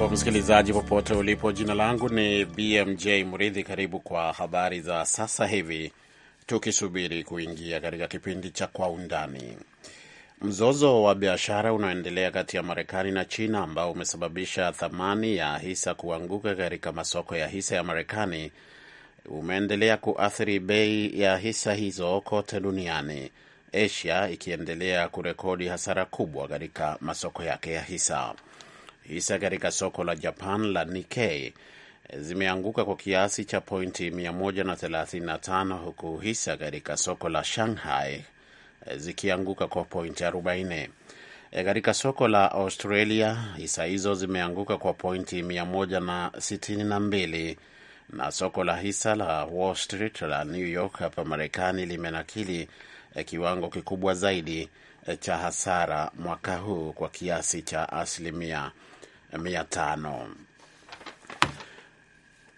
hujambo msikilizaji popote ulipo jina langu ni bmj mridhi karibu kwa habari za sasa hivi tukisubiri kuingia katika kipindi cha kwa undani mzozo wa biashara unaoendelea kati ya marekani na china ambao umesababisha thamani ya hisa kuanguka katika masoko ya hisa ya marekani umeendelea kuathiri bei ya hisa hizo kote duniani asia ikiendelea kurekodi hasara kubwa katika masoko yake ya hisa hisa katika soko la Japan la Nikkei zimeanguka kwa kiasi cha pointi 135 huku hisa katika soko la Shanghai eh, zikianguka kwa pointi 40. Eh, katika soko la Australia hisa hizo zimeanguka kwa pointi 162 na soko la hisa la Wall Street la New York hapa Marekani limenakili eh, kiwango kikubwa zaidi cha hasara mwaka huu kwa kiasi cha asilimia mia tano.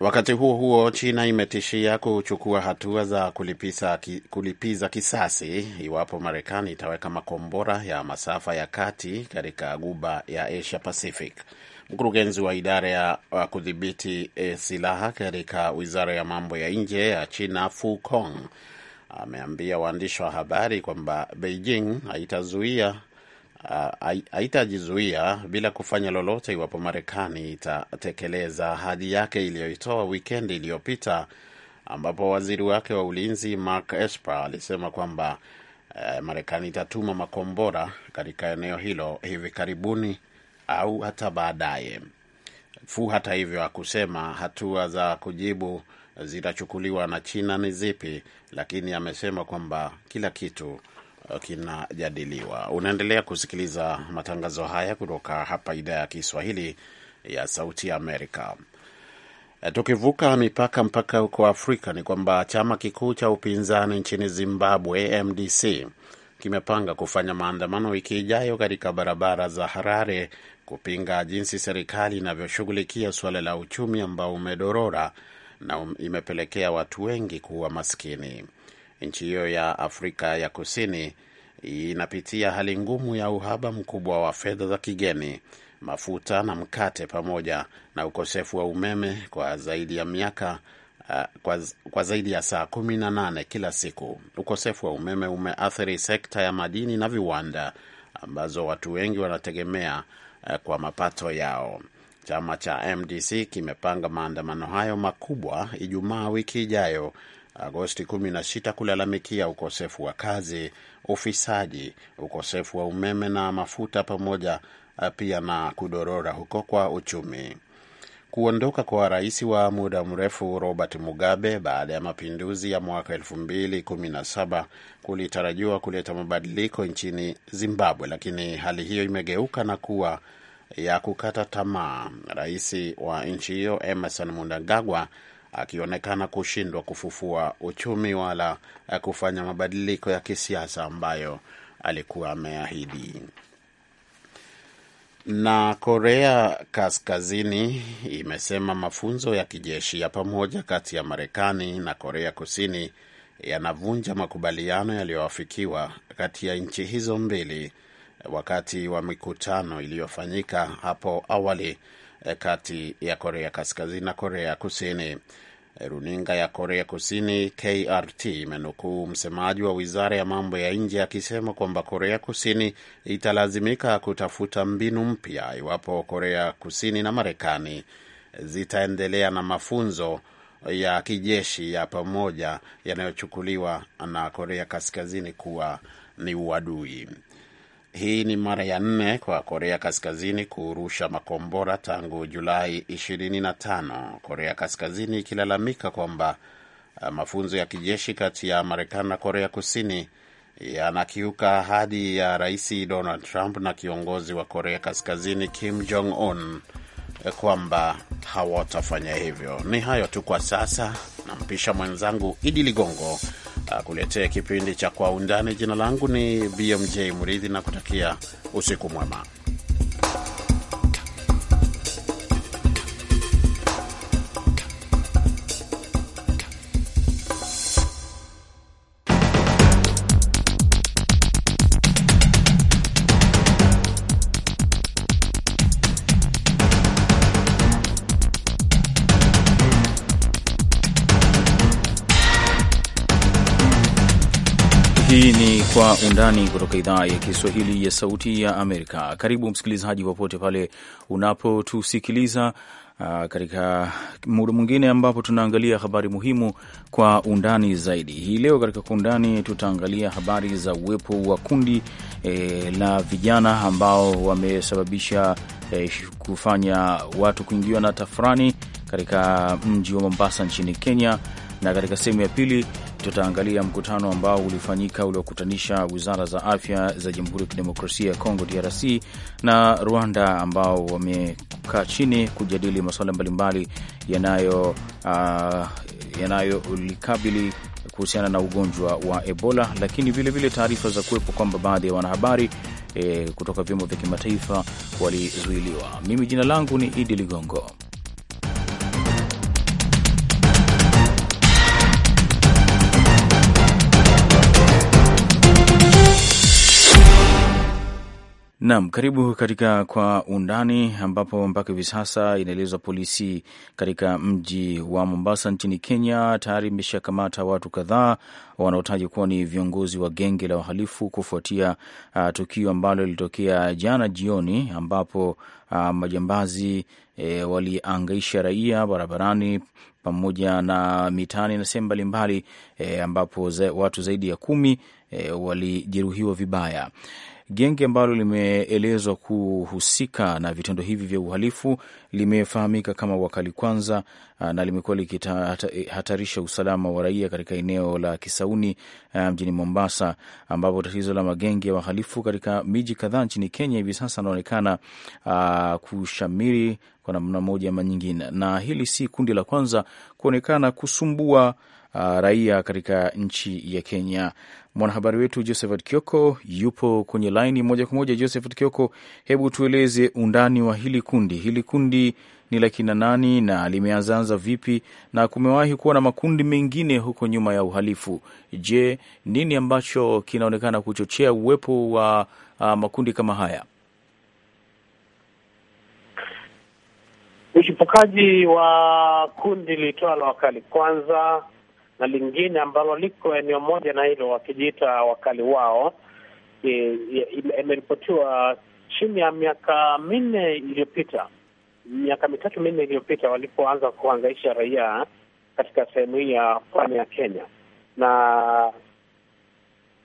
Wakati huo huo, China imetishia kuchukua hatua za kulipiza, kulipiza kisasi iwapo Marekani itaweka makombora ya masafa ya kati katika guba ya Asia Pacific. Mkurugenzi wa idara ya kudhibiti e, silaha katika wizara ya mambo ya nje ya China Fu Kong ameambia waandishi wa habari kwamba Beijing haitazuia haitajizuia uh, bila kufanya lolote iwapo Marekani itatekeleza ahadi yake iliyoitoa wikendi iliyopita, ambapo waziri wake wa ulinzi Mark Esper alisema kwamba uh, Marekani itatuma makombora katika eneo hilo hivi karibuni au hata baadaye. Fu hata hivyo hakusema hatua za kujibu zitachukuliwa na China ni zipi, lakini amesema kwamba kila kitu kinajadiliwa. Unaendelea kusikiliza matangazo haya kutoka hapa idhaa ya Kiswahili ya Sauti ya Amerika. Tukivuka mipaka mpaka huko Afrika, ni kwamba chama kikuu cha upinzani nchini Zimbabwe, MDC, kimepanga kufanya maandamano wiki ijayo katika barabara za Harare kupinga jinsi serikali inavyoshughulikia suala la uchumi ambao umedorora na um, imepelekea watu wengi kuwa maskini nchi hiyo ya Afrika ya Kusini inapitia hali ngumu ya uhaba mkubwa wa fedha za kigeni, mafuta na mkate, pamoja na ukosefu wa umeme kwa zaidi ya miaka kwa, kwa zaidi ya saa kumi na nane kila siku. Ukosefu wa umeme umeathiri sekta ya madini na viwanda ambazo watu wengi wanategemea kwa mapato yao. Chama cha MDC kimepanga maandamano hayo makubwa Ijumaa wiki ijayo Agosti 16 kulalamikia ukosefu wa kazi, ufisadi, ukosefu wa umeme na mafuta, pamoja eh, pia na kudorora huko kwa uchumi. Kuondoka kwa rais wa muda mrefu Robert Mugabe baada ya mapinduzi ya mwaka 2017 kulitarajiwa kuleta mabadiliko nchini Zimbabwe, lakini hali hiyo imegeuka na kuwa ya kukata tamaa. Rais wa nchi hiyo Emerson Mnangagwa akionekana kushindwa kufufua uchumi wala kufanya mabadiliko ya kisiasa ambayo alikuwa ameahidi. Na Korea Kaskazini imesema mafunzo ya kijeshi ya pamoja kati ya Marekani na Korea Kusini yanavunja makubaliano yaliyoafikiwa kati ya nchi hizo mbili wakati wa mikutano iliyofanyika hapo awali Eh, kati ya Korea Kaskazini na Korea Kusini. Eh, runinga ya Korea Kusini KRT imenukuu msemaji wa wizara ya mambo ya nje akisema kwamba Korea Kusini italazimika kutafuta mbinu mpya iwapo Korea Kusini na Marekani zitaendelea na mafunzo ya kijeshi ya pamoja yanayochukuliwa na Korea Kaskazini kuwa ni uadui. Hii ni mara ya nne kwa Korea Kaskazini kurusha makombora tangu Julai 25, Korea Kaskazini ikilalamika kwamba eh, mafunzo ya kijeshi kati ya Marekani na Korea Kusini yanakiuka ahadi ya Rais Donald Trump na kiongozi wa Korea Kaskazini Kim Jong Un eh, kwamba hawatafanya hivyo. Ni hayo tu kwa sasa, nampisha mwenzangu Idi Ligongo Ah, kuletea kipindi cha Kwa Undani. Jina langu ni BMJ Murithi na kutakia usiku mwema. Kwa undani kutoka idhaa ya Kiswahili ya Sauti ya Amerika. Karibu msikilizaji, popote pale unapotusikiliza uh, katika muda mwingine ambapo tunaangalia habari muhimu kwa undani zaidi. Hii leo katika kwa undani tutaangalia habari za uwepo wa kundi e, la vijana ambao wamesababisha e, kufanya watu kuingiwa na tafurani katika mji wa Mombasa nchini Kenya, na katika sehemu ya pili tutaangalia mkutano ambao ulifanyika uliokutanisha wizara za afya za Jamhuri ya Kidemokrasia ya Kongo DRC na Rwanda ambao wamekaa chini kujadili masuala mbalimbali yanayo uh, yanayolikabili kuhusiana na ugonjwa wa Ebola, lakini vilevile taarifa za kuwepo kwamba baadhi ya wanahabari eh, kutoka vyombo vya kimataifa walizuiliwa. Mimi jina langu ni Idi Ligongo. Naam, karibu katika Kwa Undani, ambapo mpaka hivi sasa inaelezwa polisi katika mji wa Mombasa nchini Kenya tayari imeshakamata watu kadhaa wanaotaji kuwa ni viongozi wa genge la wahalifu kufuatia uh, tukio ambalo lilitokea jana jioni, ambapo uh, majambazi e, waliangaisha raia barabarani pamoja na mitaani na sehemu mbalimbali e, ambapo za, watu zaidi ya kumi e, walijeruhiwa vibaya. Genge ambalo limeelezwa kuhusika na vitendo hivi vya uhalifu limefahamika kama Wakali Kwanza uh, na limekuwa likihatarisha usalama wa raia katika eneo la Kisauni uh, mjini Mombasa, ambapo tatizo la magenge ya wahalifu katika miji kadhaa nchini Kenya hivi sasa anaonekana uh, kushamiri kwa namna moja ama nyingine, na hili si kundi la kwanza kuonekana kusumbua uh, raia katika nchi ya Kenya. Mwanahabari wetu Josephat Kioko yupo kwenye laini moja kwa moja. Josephat Kioko, hebu tueleze undani wa hili kundi. Hili kundi ni la kina nani na limeanzaanza vipi, na kumewahi kuwa na makundi mengine huko nyuma ya uhalifu? Je, nini ambacho kinaonekana kuchochea uwepo wa uh, makundi kama haya? Uchipukaji wa kundi liitwalo Wakali Kwanza na lingine ambalo liko eneo moja na hilo wakijiita wakali wao, imeripotiwa chini ya miaka minne iliyopita, miaka mitatu minne iliyopita walipoanza kuhangaisha raia katika sehemu hii ya pwani ya Kenya, na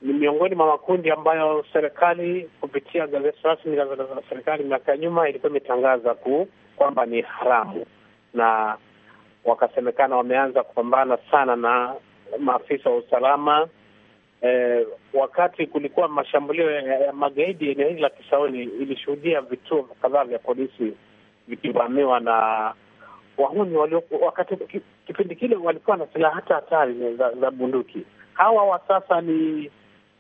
ni miongoni mwa makundi ambayo serikali kupitia gazeti rasmi za serikali miaka ya nyuma ilikuwa imetangaza ku kwamba ni haramu na wakasemekana wameanza kupambana sana na maafisa wa usalama eh, wakati kulikuwa mashambulio ya magaidi eneo hili la Kisauni, ilishuhudia vituo kadhaa vya polisi vikivamiwa na wahuni walio, wakati kipindi kile walikuwa na silaha hata hatari za, za bunduki. Hawa wa sasa ni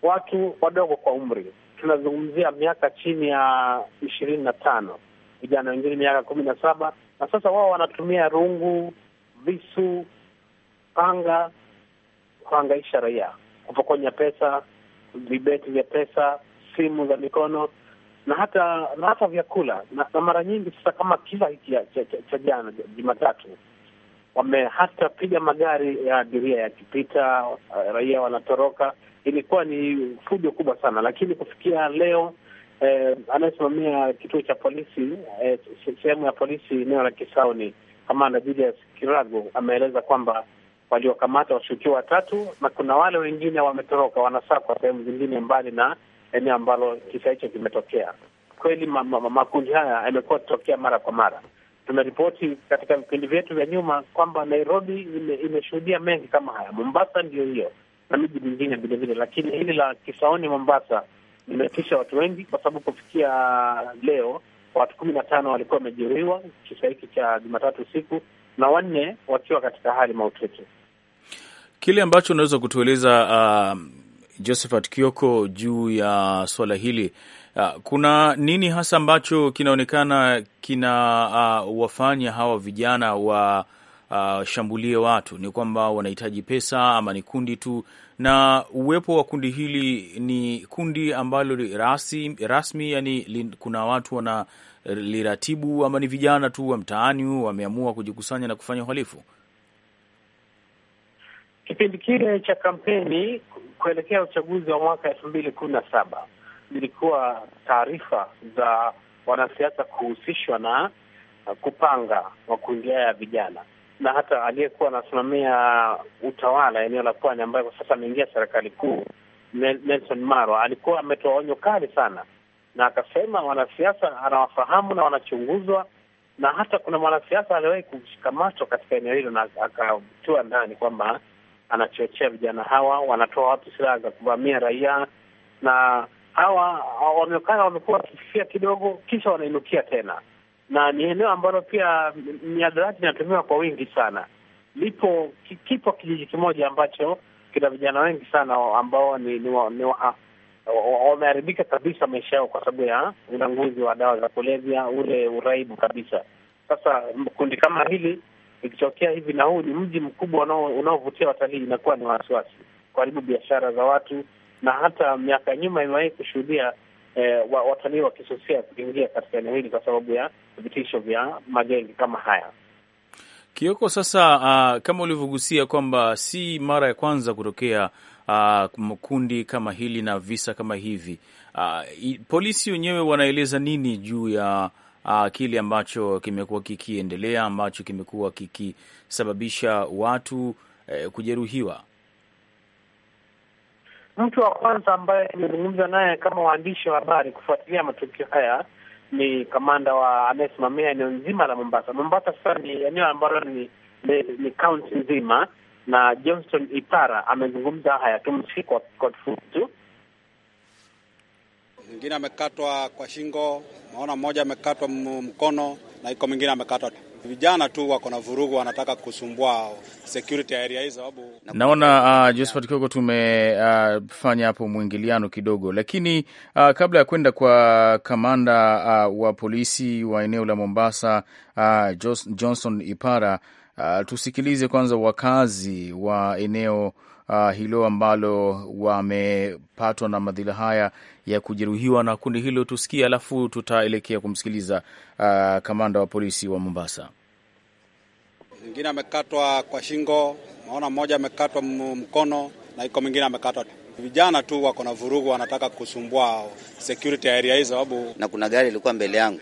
watu wadogo kwa umri, tunazungumzia miaka chini ya ishirini na tano, vijana wengine miaka kumi na saba, na sasa wao wanatumia rungu visu, panga, kuhangaisha raia, kupokonya pesa, vibeti vya pesa, simu za mikono na hata na hata vyakula na, na mara nyingi sasa, kama kila hiki cha jana Jumatatu, wame hata piga magari ya abiria yakipita, eh, raia wanatoroka. Ilikuwa ni fujo kubwa sana, lakini kufikia leo eh, anayesimamia kituo cha polisi eh, sehemu ya polisi eneo la Kisauni Kamanda Julius kirago ameeleza kwamba waliokamata washukiwa watatu na kuna wale wengine wametoroka, wanasakwa sehemu zingine mbali na eneo ambalo kisa hicho kimetokea. Kweli makundi ma, ma, haya yamekuwa akitokea mara kwa mara. Tumeripoti katika vipindi vyetu vya nyuma kwamba Nairobi imeshuhudia mengi kama haya, Mombasa ndio hiyo na miji mingine vilevile, lakini hili la Kisaoni Mombasa limetisha watu wengi, kwa sababu kufikia leo watu kumi na tano walikuwa wamejeruhiwa kisa hiki cha Jumatatu usiku na wanne wakiwa katika hali mahututi. Kile ambacho unaweza kutueleza uh, Josephat Kioko juu ya swala hili uh, kuna nini hasa ambacho kinaonekana kina uh, wafanya hawa vijana wa uh, shambulie watu? Ni kwamba wanahitaji pesa ama ni kundi tu? Na uwepo wa kundi hili ni kundi ambalo rasmi, rasmi yani kuna watu wana liratibu ama ni vijana tu wa mtaani wameamua kujikusanya na kufanya uhalifu? Kipindi kile cha kampeni kuelekea uchaguzi wa mwaka elfu mbili kumi na saba zilikuwa taarifa za wanasiasa kuhusishwa na kupanga makundi haya ya vijana, na hata aliyekuwa anasimamia utawala eneo la Pwani ambayo kwa sasa ameingia serikali kuu, Nelson Marwa, alikuwa ametoa onyo kali sana na akasema wanasiasa anawafahamu na wanachunguzwa, na hata kuna mwanasiasa aliwahi kushikamatwa katika eneo hilo na akatiwa ndani kwamba anachochea vijana hawa, wanatoa watu silaha za kuvamia raia, na hawa wamekaa wamekuwa wakifia kidogo, kisha wanainukia tena, na ni eneo ambalo pia miadarati inatumiwa kwa wingi sana. Lipo kipo kijiji kimoja ambacho kina vijana wengi sana ambao ni, ni, ni wameharibika kabisa maisha yao kwa sababu ya ulanguzi wa dawa za kulevya, ule uraibu kabisa. Sasa kundi kama hili ikitokea hivi, na huu ni mji mkubwa unaovutia watalii, inakuwa ni wasiwasi, kuharibu biashara za watu, na hata miaka nyuma imewahi kushuhudia eh, watalii wakisusia kuingia katika eneo hili kwa sababu ya vitisho vya magengi kama haya. Kioko, sasa uh, kama ulivyogusia kwamba si mara ya kwanza kutokea uh, kundi kama hili na visa kama hivi uh, polisi wenyewe wanaeleza nini juu ya uh, kile ambacho kimekuwa kikiendelea ambacho kimekuwa kikisababisha watu eh, kujeruhiwa? Mtu wa kwanza ambaye nimezungumza naye kama waandishi wa habari kufuatilia matukio haya ni kamanda wa anayesimamia eneo nzima la Mombasa. Mombasa sasa ni eneo ambalo ni, ni kaunti nzima na Johnson Ipara amezungumza haya, tumsikie kwa kifupi tu. Mwingine amekatwa kwa shingo, naona mmoja amekatwa mkono, na iko mwingine amekatwa vijana tu wako na vurugu, wanataka kusumbua security area hizo. Sababu naona uh, Josephat Kioko tumefanya uh, hapo mwingiliano kidogo, lakini uh, kabla ya kwenda kwa kamanda uh, wa polisi wa eneo la Mombasa uh, Johnson Ipara Uh, tusikilize kwanza wakazi wa eneo uh, hilo ambalo wamepatwa na madhila haya ya kujeruhiwa na kundi hilo, tusikie, alafu tutaelekea kumsikiliza uh, kamanda wa polisi wa Mombasa. Mwingine amekatwa kwa shingo, naona mmoja amekatwa mkono na iko mwingine amekatwa vijana tu wako na vurugu, wanataka kusumbua security area hii sababu na kuna gari ilikuwa mbele yangu,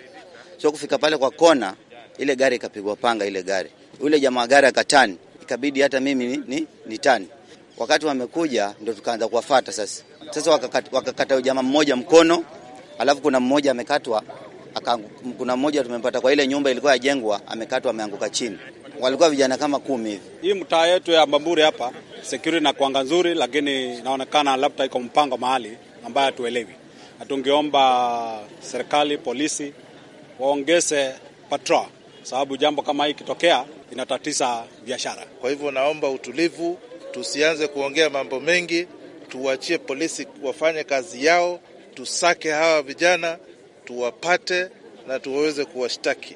sio kufika pale kwa kona, ile gari ikapigwa panga ile gari yule jamaa gari akatani, ikabidi hata mimi ni, ni tani. Wakati wamekuja ndo tukaanza kuwafuata sasa. Sasa wakakata, wakakata jamaa mmoja mkono, alafu kuna mmoja amekatwa kuna mmoja tumempata kwa ile nyumba ilikuwa yajengwa, amekatwa ameanguka chini. Walikuwa vijana kama kumi hivi. Hii mtaa yetu ya Mbamburi hapa security na kuanga nzuri, lakini inaonekana labda iko mpango mahali ambayo hatuelewi. Hatungeomba serikali polisi waongeze patrol, sababu jambo kama hii ikitokea inatatiza biashara. Kwa hivyo naomba utulivu, tusianze kuongea mambo mengi, tuwachie polisi wafanye kazi yao, tusake hawa vijana tuwapate na tuwaweze kuwashtaki.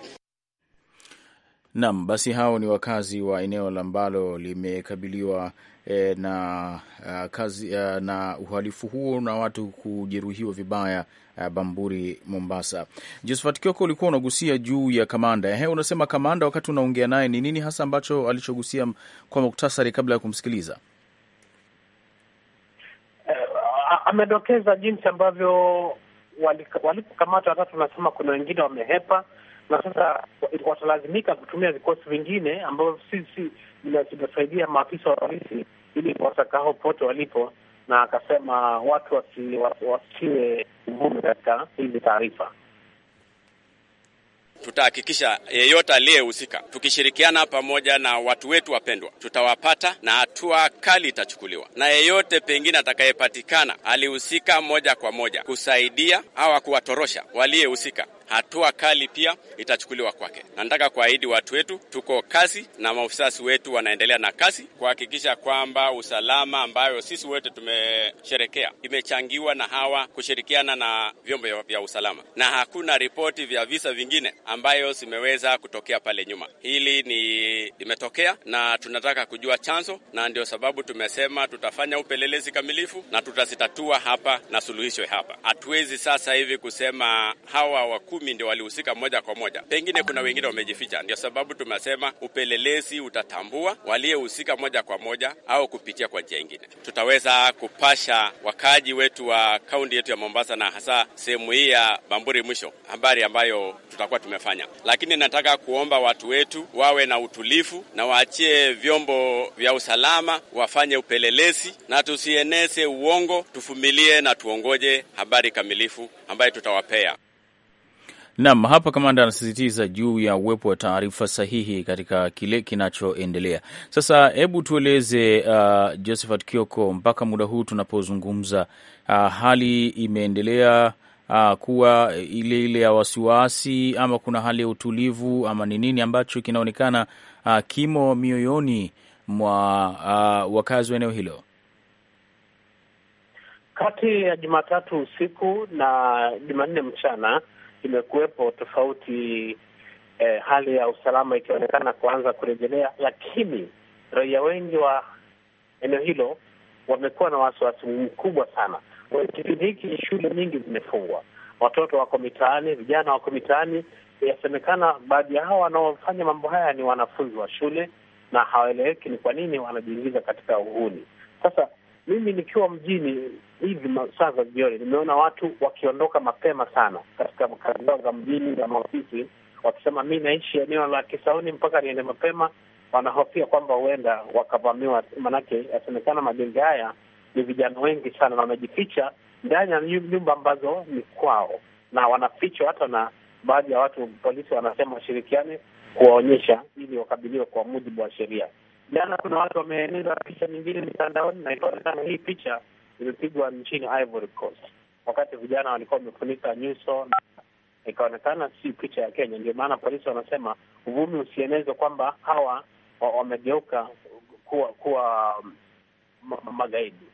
Naam, basi hao ni wakazi wa eneo ambalo limekabiliwa e, na, a, kazi, a, na uhalifu huo na watu kujeruhiwa vibaya a, Bamburi, Mombasa. Josephat Kioko, ulikuwa unagusia juu ya kamanda. Ehe, unasema kamanda, wakati unaongea naye ni nini hasa ambacho alichogusia kwa muktasari kabla ya kumsikiliza? E, amedokeza jinsi ambavyo walipokamata wali watatu, nasema kuna wengine wamehepa na sasa watalazimika kutumia vikosi vingine ambavyo sisi vinasaidia maafisa wa polisi ili kuwasaka hao pote walipo, na akasema watu wasiwe uvumi katika hizi taarifa. Tutahakikisha yeyote aliyehusika, tukishirikiana pamoja na watu wetu wapendwa, tutawapata na hatua kali itachukuliwa, na yeyote pengine atakayepatikana alihusika moja kwa moja kusaidia au kuwatorosha waliyehusika, hatua kali pia itachukuliwa kwake. Nataka kuahidi watu wetu, tuko kazi na maofisasi wetu wanaendelea na kazi kuhakikisha kwamba usalama ambayo sisi wote tumesherekea imechangiwa na hawa kushirikiana na vyombo vya usalama, na hakuna ripoti vya visa vingine ambayo zimeweza kutokea pale nyuma. Hili ni limetokea na tunataka kujua chanzo, na ndio sababu tumesema tutafanya upelelezi kamilifu na tutazitatua hapa na suluhisho hapa. Hatuwezi sasa hivi kusema hawa wakuu kumi ndio walihusika moja kwa moja, pengine kuna wengine wamejificha. Ndio sababu tumesema upelelezi utatambua waliyehusika moja kwa moja au kupitia kwa njia ingine. Tutaweza kupasha wakaaji wetu wa kaunti yetu ya Mombasa na hasa sehemu hii ya Bamburi mwisho habari ambayo tutakuwa tumefanya, lakini nataka kuomba watu wetu wawe na utulivu na waachie vyombo vya usalama wafanye upelelezi na tusieneze uongo, tuvumilie na tuongoje habari kamilifu ambayo tutawapea. Naam, hapa kamanda anasisitiza juu ya uwepo wa taarifa sahihi katika kile kinachoendelea. Sasa hebu tueleze, uh, Josephat Kioko, mpaka muda huu tunapozungumza, uh, hali imeendelea uh, kuwa ile ile ya wasiwasi ama kuna hali ya utulivu ama ni nini ambacho kinaonekana uh, kimo mioyoni mwa uh, wakazi wa eneo hilo? Kati ya Jumatatu usiku na Jumanne mchana imekuwepo tofauti eh, hali ya usalama ikionekana kuanza kurejelea, lakini raia wengi wa eneo hilo wamekuwa na wasiwasi mkubwa sana. Kipindi hiki shule nyingi zimefungwa, watoto wako mitaani, vijana wako mitaani. Inasemekana baadhi ya hawa wanaofanya mambo haya ni wanafunzi wa shule, na hawaeleweki ni kwa nini wanajiingiza katika uhuni. Sasa mimi nikiwa mjini hivi saa za jioni, nimeona watu wakiondoka mapema sana katika makazi zao za mjini na maofisi, wakisema mi naishi eneo la Kisauni mpaka niende mapema. Wanahofia kwamba huenda wakavamiwa, manake yasemekana majenge haya ni vijana wengi sana, na wamejificha ndani ya nyumba ambazo ni kwao, na wanafichwa hata na baadhi ya watu. Polisi wanasema washirikiane kuwaonyesha ili wakabiliwe kwa mujibu wa sheria. Jana kuna watu wameeneza picha nyingine mitandaoni na ikaonekana hii picha imepigwa nchini Ivory Coast, wakati vijana walikuwa wamefunika nyuso na ikaonekana si picha ya Kenya. Ndio maana polisi wanasema uvumi usienezwe kwamba hawa wamegeuka kuwa kuwa magaidi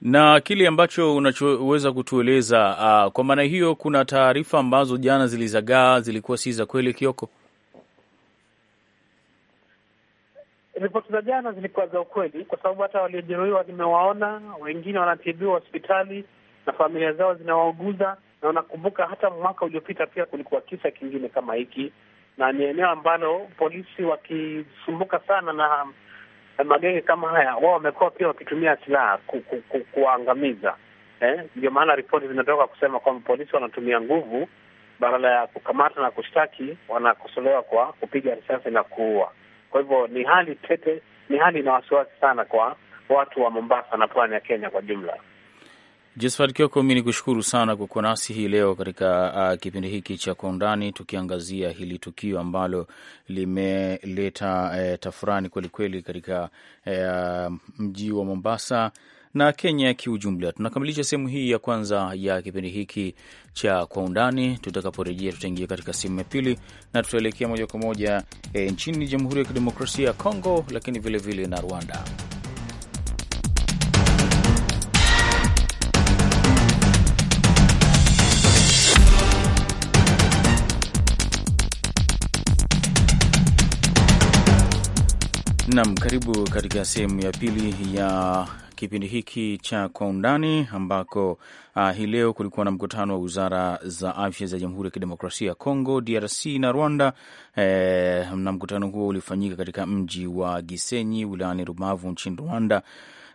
na kile ambacho unachoweza kutueleza. Uh, kwa maana hiyo kuna taarifa ambazo jana zilizagaa zilikuwa si za kweli, Kioko? Ripoti za jana zilikuwa za ukweli, kwa sababu hata waliojeruhiwa nimewaona, wengine wanatibiwa hospitali na familia zao zinawauguza, na unakumbuka hata mwaka uliopita pia kulikuwa kisa kingine kama hiki, na ni eneo ambalo polisi wakisumbuka sana na magenge kama haya, wao wamekuwa pia wakitumia silaha ku, ku, ku, kuwaangamiza. Eh, ndio eh, maana ripoti zinatoka kusema kwamba polisi wanatumia nguvu badala ya kukamata na kushtaki, wanakosolewa kwa kupiga risasi na kuua. Kwa hivyo ni hali tete, ni hali na wasiwasi sana kwa watu wa Mombasa na pwani ya Kenya kwa jumla. Josephat Kioko, mi ni kushukuru sana kwa kuwa nasi hii leo katika uh, kipindi hiki cha Kwa Undani, tukiangazia hili tukio ambalo limeleta uh, tafurani kwelikweli katika uh, mji wa Mombasa na Kenya kiujumla. Tunakamilisha sehemu hii ya kwanza ya kipindi hiki cha Kwa Undani. Tutakaporejea tutaingia katika sehemu ya pili na tutaelekea moja kwa moja e, nchini Jamhuri ya Kidemokrasia ya Kongo, lakini vilevile vile na Rwanda. Nam, karibu katika sehemu ya pili ya kipindi hiki cha Kwa Undani, ambako uh, hii leo kulikuwa na mkutano wa wizara za afya za Jamhuri ya Kidemokrasia ya Kongo, DRC na Rwanda eh, na mkutano huo ulifanyika katika mji wa Gisenyi wilayani Rubavu nchini Rwanda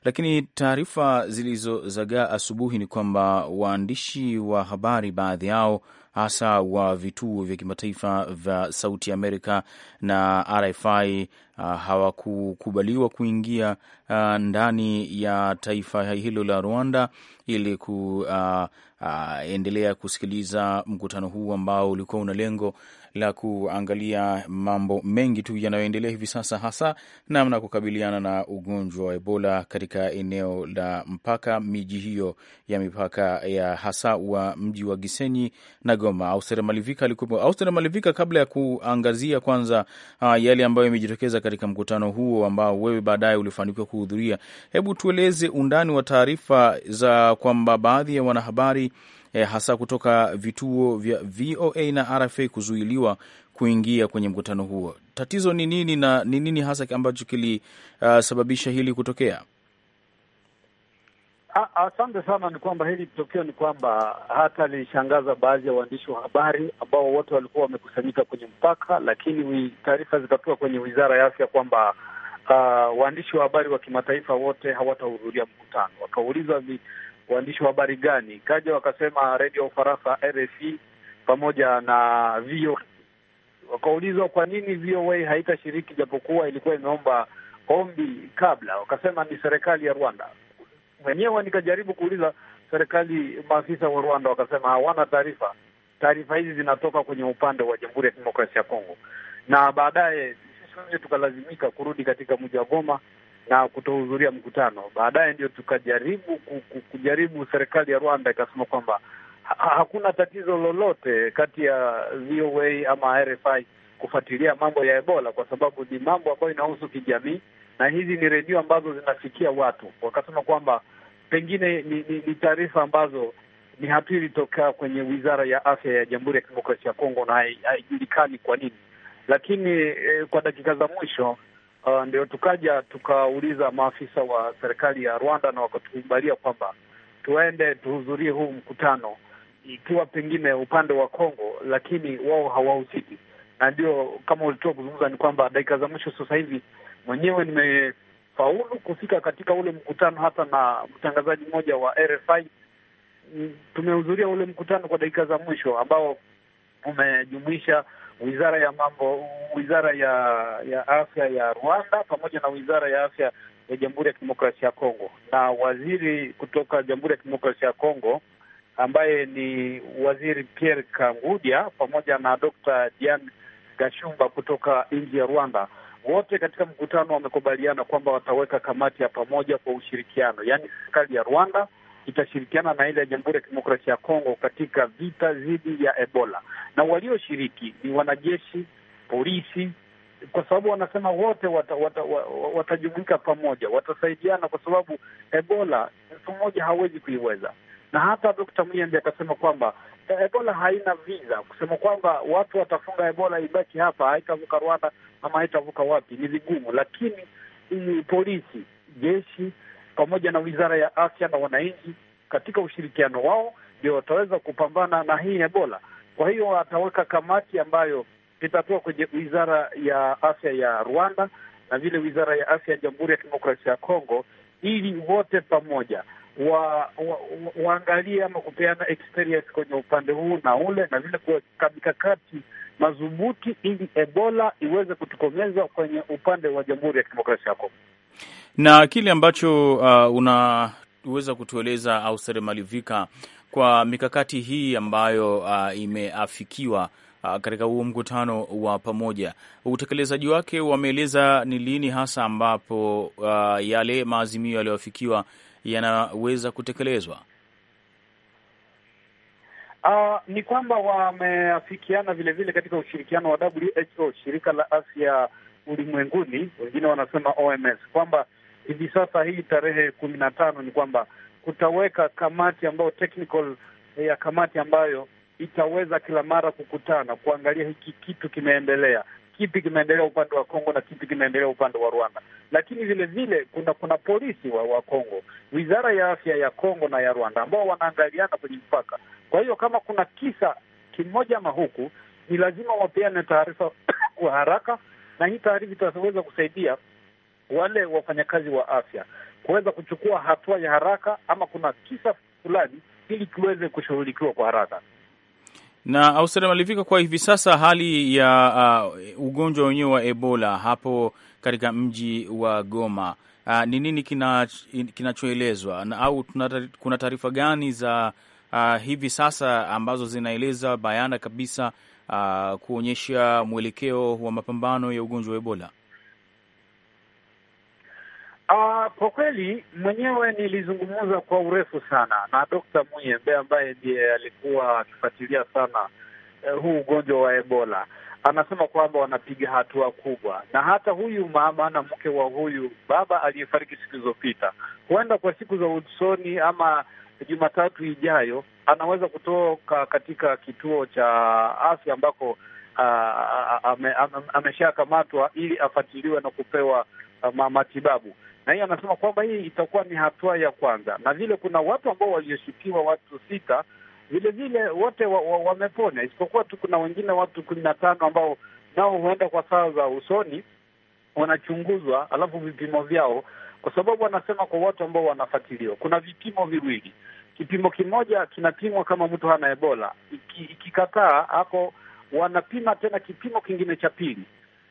lakini taarifa zilizozagaa asubuhi ni kwamba waandishi wa habari baadhi yao hasa wa vituo vya kimataifa vya Sauti Amerika na RFI uh, hawakukubaliwa kuingia uh, ndani ya taifa hilo la Rwanda ili ku, uh, uh, endelea kusikiliza mkutano huu ambao ulikuwa una lengo la kuangalia mambo mengi tu yanayoendelea hivi sasa, hasa namna ya kukabiliana na ugonjwa wa Ebola katika eneo la mpaka miji hiyo ya mipaka ya hasa wa mji wa Gisenyi na Goma. Auster Malivika alikuwepo. Auster Malivika, kabla ya kuangazia kwanza uh, yale ambayo yamejitokeza katika mkutano huo ambao wewe baadaye ulifanikiwa kuhudhuria, hebu tueleze undani wa taarifa za kwamba baadhi ya wanahabari eh, hasa kutoka vituo vya VOA na RFA kuzuiliwa kuingia kwenye mkutano huo. Tatizo ni nini na ni nini hasa ambacho kilisababisha uh, hili kutokea? Asante sana. Ni kwamba hili tokeo ni kwamba hata lilishangaza baadhi ya waandishi wa habari ambao wote walikuwa wamekusanyika kwenye mpaka, lakini taarifa zikatoka kwenye wizara ya afya kwamba uh, waandishi wa habari wa kimataifa wote hawatahudhuria mkutano. Wakaulizwa waandishi wa habari gani? Kaja wakasema redio Ufaransa RFI pamoja na VO, Wakaulizwa kwa nini VOA haitashiriki japokuwa ilikuwa imeomba ombi kabla, wakasema ni serikali ya Rwanda mwenyewe. Nikajaribu kuuliza serikali, maafisa wa Rwanda wakasema hawana taarifa. Taarifa hizi zinatoka kwenye upande wa Jamhuri ya Kidemokrasia ya Kongo, na baadaye sisi wenyewe tukalazimika kurudi katika mji wa Goma na kutohudhuria mkutano. Baadaye ndio tukajaribu kujaribu, serikali ya Rwanda ikasema kwamba ha hakuna tatizo lolote kati ya VOA ama RFI kufuatilia mambo ya Ebola kwa sababu ni mambo ambayo inahusu kijamii na hizi ni redio ambazo zinafikia watu. Wakasema kwamba pengine ni, ni, ni taarifa ambazo ni hatu ilitokea kwenye wizara ya afya ya Jamhuri ya Kidemokrasia ya Kongo na haijulikani kwa nini, lakini eh, kwa dakika za mwisho uh, ndio tukaja tukauliza maafisa wa serikali ya Rwanda na wakatukubalia kwamba tuende tuhudhurie huu mkutano, ikiwa pengine upande wa Kongo, lakini wao hawahusiki. Na ndio kama ulitoa kuzungumza ni kwamba dakika za mwisho sasa hivi mwenyewe nimefaulu kufika katika ule mkutano, hata na mtangazaji mmoja wa RFI mm, tumehudhuria ule mkutano kwa dakika za mwisho ambao umejumuisha wizara ya mambo, wizara ya ya afya ya Rwanda pamoja na wizara ya afya ya Jamhuri ya Kidemokrasia ya Kongo, na waziri kutoka Jamhuri ya Kidemokrasia ya Kongo ambaye ni waziri Pierre Kangudia pamoja na Dr. Diane Gashumba kutoka nchi ya Rwanda. Wote katika mkutano wamekubaliana kwamba wataweka kamati ya pamoja kwa ushirikiano, yaani serikali ya Rwanda itashirikiana na ile ya Jamhuri ya Kidemokrasia ya Kongo katika vita dhidi ya Ebola, na walioshiriki ni wanajeshi, polisi, kwa sababu wanasema wote watajumuika wata, wata pamoja, watasaidiana, kwa sababu Ebola mtu mmoja hawezi kuiweza. Na hata Dr. Muyembe akasema kwamba Ebola haina visa, kusema kwamba watu watafunga Ebola ibaki hapa, haitavuka Rwanda ama haitavuka wapi, ni vigumu, lakini eh, polisi, jeshi pamoja na Wizara ya Afya na wananchi katika ushirikiano wao ndio wataweza kupambana na hii Ebola. Kwa hiyo wataweka kamati ambayo itatoka kwenye Wizara ya Afya ya Rwanda na vile Wizara ya Afya ya Jamhuri ya Kidemokrasia ya Kongo ili wote pamoja wa, wa, waangalie ama kupeana experience kwenye upande huu na ule na vile kuweka mikakati madhubuti ili Ebola iweze kutukomezwa kwenye upande wa Jamhuri ya Kidemokrasia ya Kongo na kile ambacho uh, unaweza kutueleza Auster Malivika kwa mikakati hii ambayo uh, imeafikiwa uh, katika huo mkutano wa pamoja, utekelezaji wake wameeleza ni lini hasa ambapo uh, yale maazimio yaliyoafikiwa yanaweza kutekelezwa? Uh, ni kwamba wameafikiana vilevile katika ushirikiano wa WHO, shirika la afya ulimwenguni, wengine wanasema OMS, kwamba hivi sasa hii tarehe kumi na tano ni kwamba kutaweka kamati ambayo technical eh, ya kamati ambayo itaweza kila mara kukutana kuangalia hiki kitu kimeendelea kipi kimeendelea upande wa Kongo na kipi kimeendelea upande wa Rwanda. Lakini vile vile kuna kuna polisi wa, wa Kongo, wizara ya afya ya Kongo na ya Rwanda ambao wanaangaliana kwenye mpaka. Kwa hiyo kama kuna kisa kimoja mahuku, huku, ni lazima wapeane taarifa kwa haraka na hii taarifa itaweza kusaidia wale wafanyakazi wa afya kuweza kuchukua hatua ya haraka, ama kuna kisa fulani, ili kiweze kushughulikiwa kwa haraka. Na Ausere Malivika, kwa hivi sasa hali ya uh, ugonjwa wenyewe wa Ebola hapo katika mji wa Goma uh, ni uh, nini kinachoelezwa kina au kuna taarifa gani za uh, hivi sasa ambazo zinaeleza bayana kabisa uh, kuonyesha mwelekeo wa mapambano ya ugonjwa wa Ebola? Uh, kwa kweli mwenyewe nilizungumza kwa urefu sana na dokta Muyembe ambaye ndiye alikuwa akifuatilia sana eh, huu ugonjwa wa Ebola. Anasema kwamba wanapiga hatua kubwa, na hata huyu mama na mke wa huyu baba aliyefariki siku zilizopita, huenda kwa siku za usoni ama Jumatatu ijayo anaweza kutoka katika kituo cha afya ambako ah, ah, ameshakamatwa ili afatiliwe na kupewa uh, matibabu. Na hiyo anasema kwamba hii itakuwa ni hatua ya kwanza, na vile kuna watu ambao walioshukiwa watu sita vilevile wote wamepona wa, wa isipokuwa tu kuna wengine watu kumi na tano ambao nao huenda kwa saa za usoni wanachunguzwa, alafu vipimo vyao, kwa sababu anasema kwa watu ambao wanafuatiliwa kuna vipimo viwili Kipimo kimoja kinapimwa kama mtu hana Ebola, ikikataa hapo wanapima tena kipimo kingine cha pili.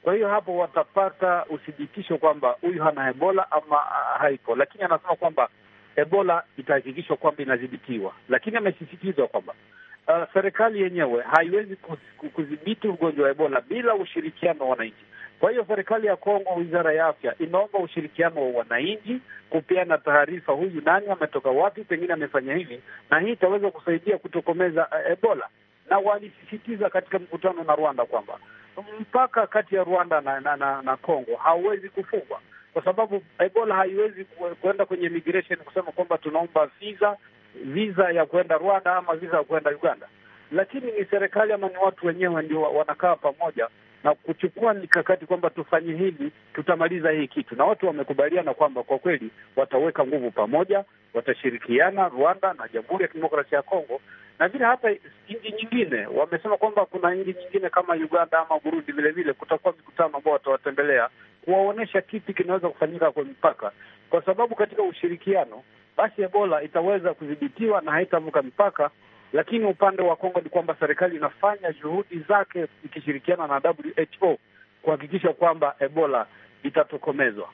Kwa hiyo hapo watapata uthibitisho kwamba huyu hana Ebola ama ah, haiko, lakini anasema kwamba Ebola itahakikishwa kwamba inadhibitiwa, lakini amesisitizwa kwamba uh, serikali yenyewe haiwezi kudhibiti ugonjwa wa Ebola bila ushirikiano wa wananchi. Kwa hiyo serikali ya Kongo, wizara ya afya inaomba ushirikiano wa wananchi kupeana taarifa, huyu nani ametoka wapi, pengine amefanya hivi, na hii itaweza kusaidia kutokomeza eh, Ebola. Na walisisitiza katika mkutano na Rwanda kwamba mpaka kati ya Rwanda na, na, na, na Kongo hauwezi kufungwa kwa sababu Ebola haiwezi kuenda kwenye migration kusema kwamba tunaomba visa visa ya kwenda Rwanda ama visa ya kwenda Uganda, lakini ni serikali ama ni watu wenyewe ndio wanakaa pamoja na kuchukua mikakati kwamba tufanye hivi, tutamaliza hii kitu, na watu wamekubaliana kwamba kwa kweli wataweka nguvu pamoja, watashirikiana Rwanda na Jamhuri ya Kidemokrasia ya Kongo na vile hata nchi nyingine wamesema kwamba kuna nchi nyingine kama Uganda ama Burundi, vilevile kutakuwa mikutano ambao watawatembelea kuwaonyesha kipi kinaweza kufanyika kwa mipaka, kwa sababu katika ushirikiano basi Ebola itaweza kudhibitiwa na haitavuka mipaka lakini upande wa Kongo ni kwamba serikali inafanya juhudi zake ikishirikiana na WHO kuhakikisha kwamba Ebola itatokomezwa.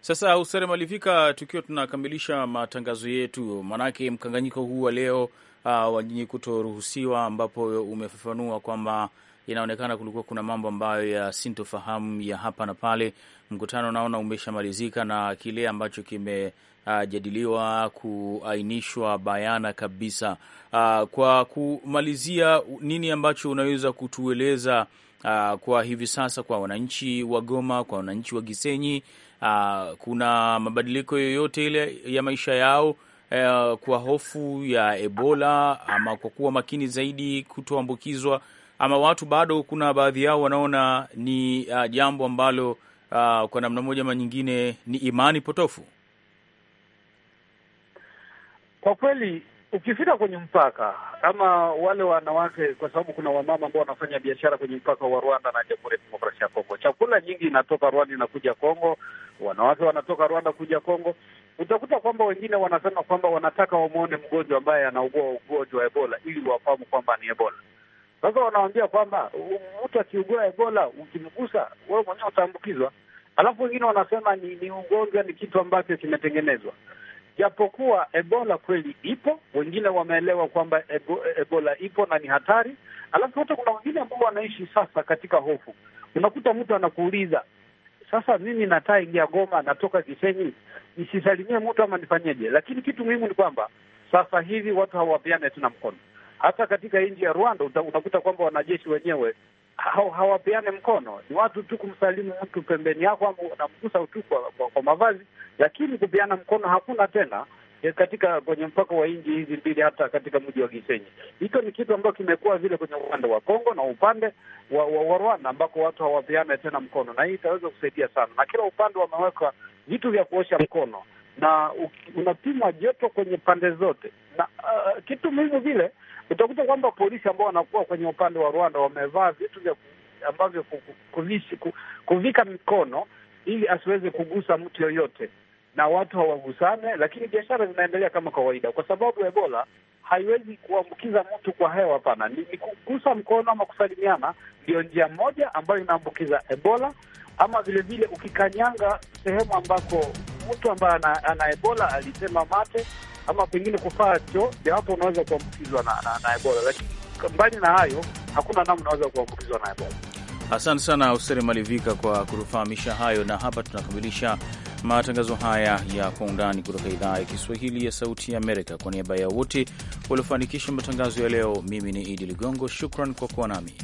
Sasa usere malivika, tukiwa tunakamilisha matangazo yetu, maanake mkanganyiko huu wa leo uh, wa nyinyi kutoruhusiwa, ambapo umefafanua kwamba inaonekana kulikuwa kuna mambo ambayo ya sintofahamu ya hapa na pale. Mkutano naona umeshamalizika na kile ambacho kime uh, jadiliwa kuainishwa bayana kabisa. Uh, kwa kumalizia, nini ambacho unaweza kutueleza uh, kwa hivi sasa kwa wananchi wa Goma, kwa wananchi wa Gisenyi, uh, kuna mabadiliko yoyote ile ya maisha yao uh, kwa hofu ya Ebola ama kwa kuwa makini zaidi kutoambukizwa ama watu bado, kuna baadhi yao wanaona ni uh, jambo ambalo uh, kwa namna moja ama nyingine ni imani potofu. Kwa kweli ukifika kwenye mpaka ama wale wanawake, kwa sababu kuna wamama ambao wanafanya biashara kwenye mpaka wa Rwanda na Jamhuri ya demokrasia ya Kongo. Chakula nyingi inatoka Rwanda inakuja Kongo, wanawake wanatoka Rwanda kuja Kongo. Utakuta kwamba wengine wanasema kwamba wanataka wamwone mgonjwa ambaye anaugua ugonjwa wa Ebola ili wafahamu kwamba ni Ebola. Sasa wanawambia kwamba mtu akiugua Ebola ukimgusa wewe mwenyewe utaambukizwa, alafu wengine wanasema ni, ni ugonjwa ni kitu ambacho kimetengenezwa japokuwa Ebola kweli ipo, wengine wameelewa kwamba ebo, Ebola ipo na ni hatari. Alafu hata kuna wengine ambao wanaishi sasa katika hofu. Unakuta mtu anakuuliza sasa, mimi nataa ingia Goma, natoka Kisenyi, nisisalimie mtu ama nifanyeje? Lakini kitu muhimu ni kwamba sasa hivi watu hawapeane tena mkono. Hata katika nchi ya Rwanda unakuta kwamba wanajeshi wenyewe hawapeane mkono, ni watu tu kumsalimu mtu pembeni yako, ama unamgusa tu kwa, kwa, kwa mavazi, lakini kupeana mkono hakuna tena katika kwenye mpaka wa nchi hizi mbili, hata katika mji wa Gisenyi. Hicho ni kitu ambacho kimekuwa vile kwenye upande wa Kongo na upande wa, wa, wa Rwanda ambako watu hawapeane tena mkono, na hii itaweza kusaidia sana, na kila upande wameweka vitu vya kuosha mkono na unapimwa joto kwenye pande zote na uh, kitu muhimu vile utakuta kwamba polisi ambao wanakuwa kwenye upande wa Rwanda wamevaa vitu vya ambavyo kuvika mikono ili asiweze kugusa mtu yoyote, na watu hawagusane, lakini biashara zinaendelea kama kawaida, kwa sababu Ebola haiwezi kuambukiza mtu kwa hewa. Hapana, ni, ni kugusa mkono ama kusalimiana, ndiyo njia moja ambayo inaambukiza Ebola, ama vilevile ukikanyanga sehemu ambako mtu ambaye ana, ana Ebola alisema mate ama pengine kufaa choo, jawapo unaweza kuambukizwa na, na, na Ebola, lakini mbali na hayo hakuna namna unaweza kuambukizwa na Ebola. Asante sana useri Malivika kwa kutufahamisha hayo, na hapa tunakamilisha matangazo haya ya Kwa Undani kutoka idhaa ya Kiswahili ya Sauti ya Amerika. Kwa niaba ya wote waliofanikisha matangazo ya leo, mimi ni Idi Ligongo, shukran kwa kuwa nami.